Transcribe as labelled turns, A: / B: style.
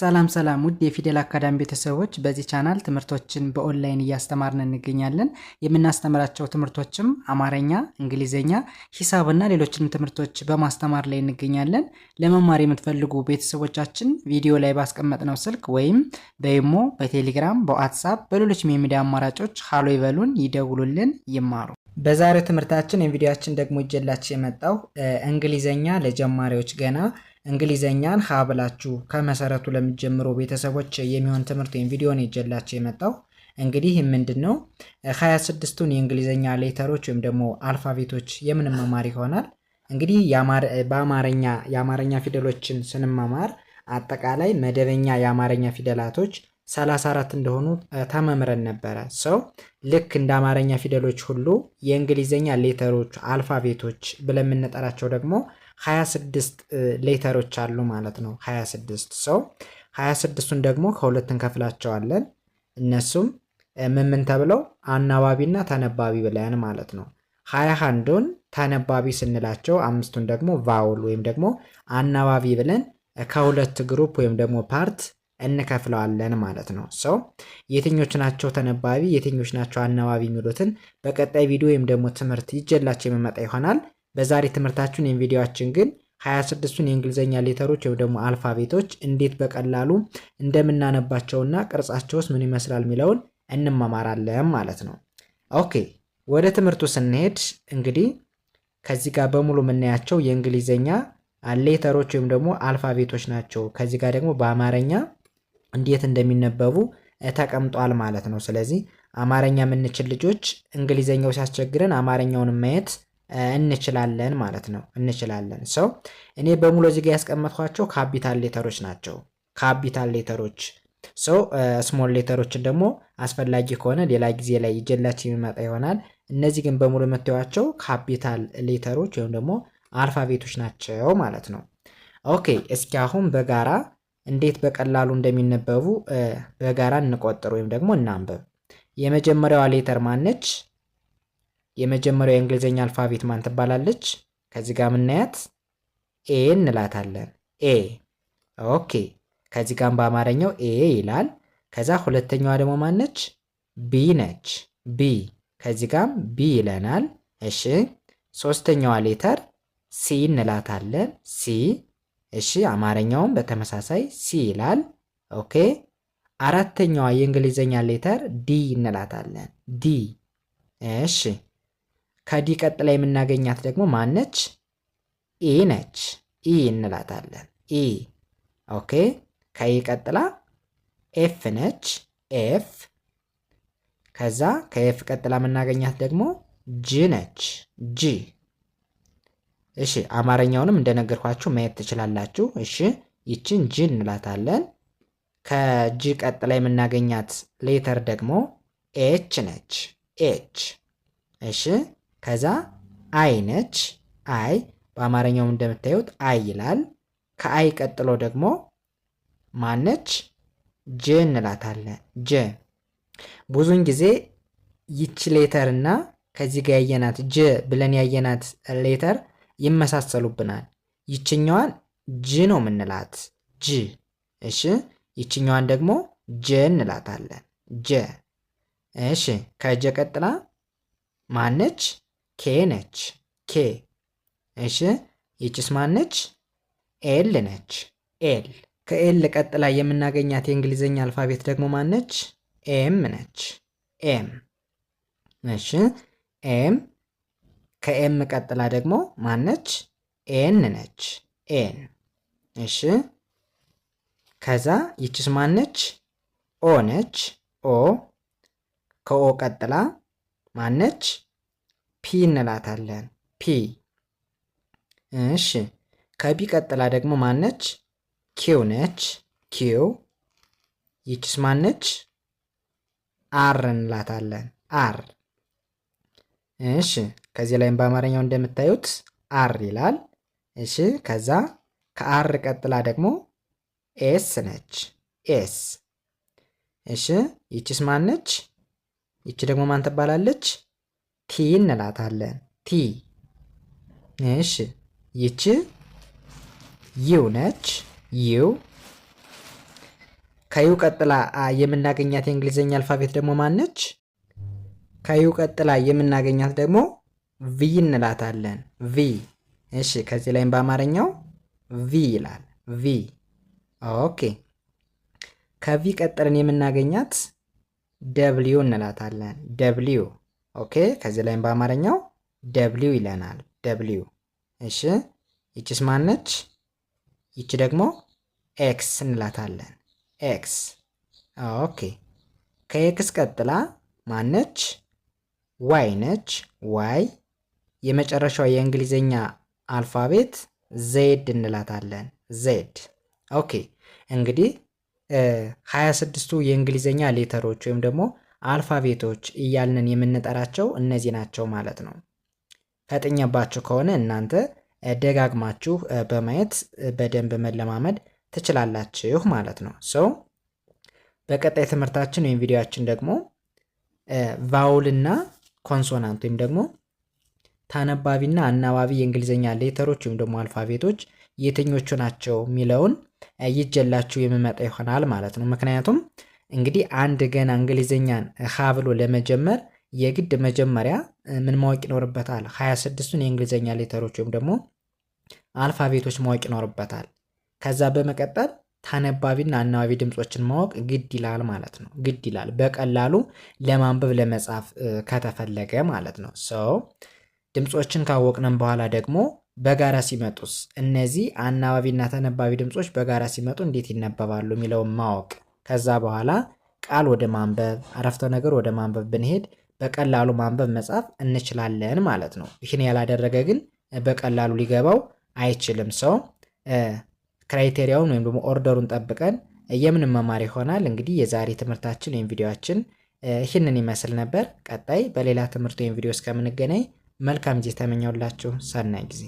A: ሰላም ሰላም ውድ የፊደል አካዳሚ ቤተሰቦች፣ በዚህ ቻናል ትምህርቶችን በኦንላይን እያስተማርን እንገኛለን። የምናስተምራቸው ትምህርቶችም አማርኛ፣ እንግሊዝኛ፣ ሂሳብና ሌሎችንም ትምህርቶች በማስተማር ላይ እንገኛለን። ለመማር የምትፈልጉ ቤተሰቦቻችን ቪዲዮ ላይ ባስቀመጥነው ስልክ ወይም በይሞ በቴሌግራም በዋትሳፕ በሌሎችም የሚዲያ አማራጮች ሀሎ ይበሉን፣ ይደውሉልን፣ ይማሩ። በዛሬው ትምህርታችን የቪዲዮችን ደግሞ ይዤላችሁ የመጣው እንግሊዝኛ ለጀማሪዎች ገና እንግሊዘኛን ሀ ብላችሁ ከመሰረቱ ለምትጀምሩ ቤተሰቦች የሚሆን ትምህርት ወይም ቪዲዮ ነው ይዤላችሁ የመጣው። እንግዲህ ምንድን ነው ሀያ ስድስቱን የእንግሊዘኛ ሌተሮች ወይም ደግሞ አልፋቤቶች የምንመማር ይሆናል። እንግዲህ በአማርኛ የአማርኛ ፊደሎችን ስንመማር አጠቃላይ መደበኛ የአማርኛ ፊደላቶች 34 እንደሆኑ ተመምረን ነበረ። ሰው ልክ እንደ አማርኛ ፊደሎች ሁሉ የእንግሊዘኛ ሌተሮች አልፋቤቶች ብለን ደግሞ 26 ሌተሮች አሉ ማለት ነው። 26 ሰው 26ቱን ደግሞ ከሁለት እንከፍላቸዋለን። እነሱም ምምን ተብለው አናባቢና ተነባቢ ብለን ማለት ነው። 21ዱን ተነባቢ ስንላቸው አምስቱን ደግሞ ቫውል ወይም ደግሞ አናባቢ ብለን ከሁለት ግሩፕ ወይም ደግሞ ፓርት እንከፍለዋለን ማለት ነው። ሰው የትኞች ናቸው ተነባቢ፣ የትኞች ናቸው አናባቢ የሚሉትን በቀጣይ ቪዲዮ ወይም ደግሞ ትምህርት ይጀላቸው የሚመጣ ይሆናል። በዛሬ ትምህርታችን ወይም ቪዲዮችን ግን 26ቱን የእንግሊዝኛ ሌተሮች ወይም ደግሞ አልፋቤቶች እንዴት በቀላሉ እንደምናነባቸውና ቅርጻቸውስ ምን ይመስላል የሚለውን እንማማራለን ማለት ነው። ኦኬ ወደ ትምህርቱ ስንሄድ እንግዲህ ከዚህ ጋር በሙሉ የምናያቸው የእንግሊዝኛ ሌተሮች ወይም ደግሞ አልፋቤቶች ናቸው። ከዚህ ጋር ደግሞ በአማርኛ እንዴት እንደሚነበቡ ተቀምጧል ማለት ነው። ስለዚህ አማርኛ የምንችል ልጆች እንግሊዝኛው ሲያስቸግረን አማርኛውን ማየት እንችላለን ማለት ነው። እንችላለን ሰው እኔ በሙሉ እዚህ ጋር ያስቀመጥኳቸው ካፒታል ሌተሮች ናቸው። ካፒታል ሌተሮች ሰው ስሞል ሌተሮችን ደግሞ አስፈላጊ ከሆነ ሌላ ጊዜ ላይ ይጀላችሁ የሚመጣ ይሆናል። እነዚህ ግን በሙሉ የምታዩዋቸው ካፒታል ሌተሮች ወይም ደግሞ አልፋቤቶች ናቸው ማለት ነው። ኦኬ እስኪ አሁን በጋራ እንዴት በቀላሉ እንደሚነበቡ uh, በጋራ እንቆጠር ወይም ደግሞ እናንበብ። የመጀመሪያዋ ሌተር ማነች? የመጀመሪያው የእንግሊዝኛ አልፋቤት ማን ትባላለች? ከዚህ ጋር የምናያት ኤ እንላታለን። ኤ ኦኬ። ከዚህ ጋር በአማርኛው ኤ ይላል። ከዛ ሁለተኛዋ ደግሞ ማነች? ቢ ነች። ቢ ከዚህ ጋም ቢ ይለናል። እሺ ሶስተኛዋ ሌተር ሲ እንላታለን። ሲ እሺ፣ አማርኛውም በተመሳሳይ ሲ ይላል። ኦኬ አራተኛዋ የእንግሊዝኛ ሌተር ዲ እንላታለን። ዲ እሺ ከዲ ቀጥላ የምናገኛት ደግሞ ማነች? ኢ ነች። ኢ እንላታለን። ኢ ኦኬ። ከኢ ቀጥላ ኤፍ ነች። ኤፍ ከዛ ከኤፍ ቀጥላ የምናገኛት ደግሞ ጂ ነች። ጂ እሺ፣ አማርኛውንም እንደነገርኳችሁ ማየት ትችላላችሁ። እሺ፣ ይችን ጂ እንላታለን። ከጂ ቀጥላ የምናገኛት ሌተር ደግሞ ኤች ነች። ኤች እሺ ከዛ አይ ነች። አይ በአማርኛውም እንደምታዩት አይ ይላል። ከአይ ቀጥሎ ደግሞ ማነች? ጀ እንላታለን። ጀ ብዙውን ጊዜ ይቺ ሌተር እና ከዚህ ጋር ያየናት ጀ ብለን ያየናት ሌተር ይመሳሰሉብናል። ይችኛዋን ጅ ነው የምንላት ጅ። እሺ ይችኛዋን ደግሞ ጀ እንላታለን ጀ። እሺ ከጀ ቀጥላ ማነች? ኬ ነች። ኬ እሺ፣ ይቺስ ማን ነች? ኤል ነች። ኤል ከኤል ቀጥላ የምናገኛት የእንግሊዝኛ አልፋቤት ደግሞ ማን ነች? ኤም ነች። ኤም እሺ፣ ኤም ከኤም ቀጥላ ደግሞ ማን ነች? ኤን ነች። ኤን እሺ፣ ከዛ ይቺስ ማን ነች? ኦ ነች። ኦ ከኦ ቀጥላ ማን ነች? ፒ እንላታለን። ፒ እሺ። ከቢ ቀጥላ ደግሞ ማነች? ኪው ነች። ኪው ይችስ ማነች? አር እንላታለን። አር እሺ። ከዚህ ላይም በአማርኛው እንደምታዩት አር ይላል። እሺ። ከዛ ከአር ቀጥላ ደግሞ ኤስ ነች። ኤስ እሺ። ይችስ ማነች? ይቺ ደግሞ ማን ትባላለች? ቲ እንላታለን። ቲ እሺ፣ ይቺ ዩ ነች። ዩ ከዩ ቀጥላ የምናገኛት የእንግሊዝኛ አልፋቤት ደግሞ ማን ነች። ከዩ ቀጥላ የምናገኛት ደግሞ ቪ እንላታለን። ቪ እሺ፣ ከዚህ ላይም በአማርኛው ቪ ይላል። ቪ ኦኬ። ከቪ ቀጥልን የምናገኛት ደብሊዩ እንላታለን። ደብሊዩ ኦኬ ከዚህ ላይም በአማርኛው ደብሊው ይለናል። ደብሊው እሺ፣ ይችስ ማነች? ይቺ ደግሞ ኤክስ እንላታለን። ኤክስ ኦኬ። ከኤክስ ቀጥላ ማነች? ዋይ ነች። ዋይ የመጨረሻው የእንግሊዝኛ አልፋቤት ዜድ እንላታለን። ዜድ ኦኬ። እንግዲህ ሀያ ስድስቱ የእንግሊዝኛ ሌተሮች ወይም ደግሞ አልፋቤቶች እያልንን የምንጠራቸው እነዚህ ናቸው ማለት ነው። ፈጥኜባችሁ ከሆነ እናንተ ደጋግማችሁ በማየት በደንብ መለማመድ ትችላላችሁ ማለት ነው። ሰው በቀጣይ ትምህርታችን ወይም ቪዲዮችን ደግሞ ቫውልና ኮንሶናንት ወይም ደግሞ ታነባቢና አናባቢ የእንግሊዝኛ ሌተሮች ወይም ደግሞ አልፋቤቶች የትኞቹ ናቸው የሚለውን ይጀላችሁ የምመጣ ይሆናል ማለት ነው። ምክንያቱም እንግዲህ አንድ ገና እንግሊዝኛን ሀ ብሎ ለመጀመር የግድ መጀመሪያ ምን ማወቅ ይኖርበታል? 26ቱን የእንግሊዝኛ ሌተሮች ወይም ደግሞ አልፋቤቶች ማወቅ ይኖርበታል። ከዛ በመቀጠል ተነባቢና አናባቢ ድምፆችን ማወቅ ግድ ይላል ማለት ነው። ግድ ይላል በቀላሉ ለማንበብ ለመጻፍ ከተፈለገ ማለት ነው። ሰው ድምፆችን ካወቅነን በኋላ ደግሞ በጋራ ሲመጡስ እነዚህ አናባቢና ተነባቢ ድምፆች በጋራ ሲመጡ እንዴት ይነበባሉ የሚለውን ማወቅ ከዛ በኋላ ቃል ወደ ማንበብ፣ አረፍተ ነገር ወደ ማንበብ ብንሄድ በቀላሉ ማንበብ መጻፍ እንችላለን ማለት ነው። ይህን ያላደረገ ግን በቀላሉ ሊገባው አይችልም ሰው። ክራይቴሪያውን ወይም ደግሞ ኦርደሩን ጠብቀን የምንመማር ይሆናል። እንግዲህ የዛሬ ትምህርታችን ወይም ቪዲዮችን ይህንን ይመስል ነበር። ቀጣይ በሌላ ትምህርት ወይም ቪዲዮ እስከምንገናኝ መልካም ጊዜ ተመኘውላችሁ። ሰናይ ጊዜ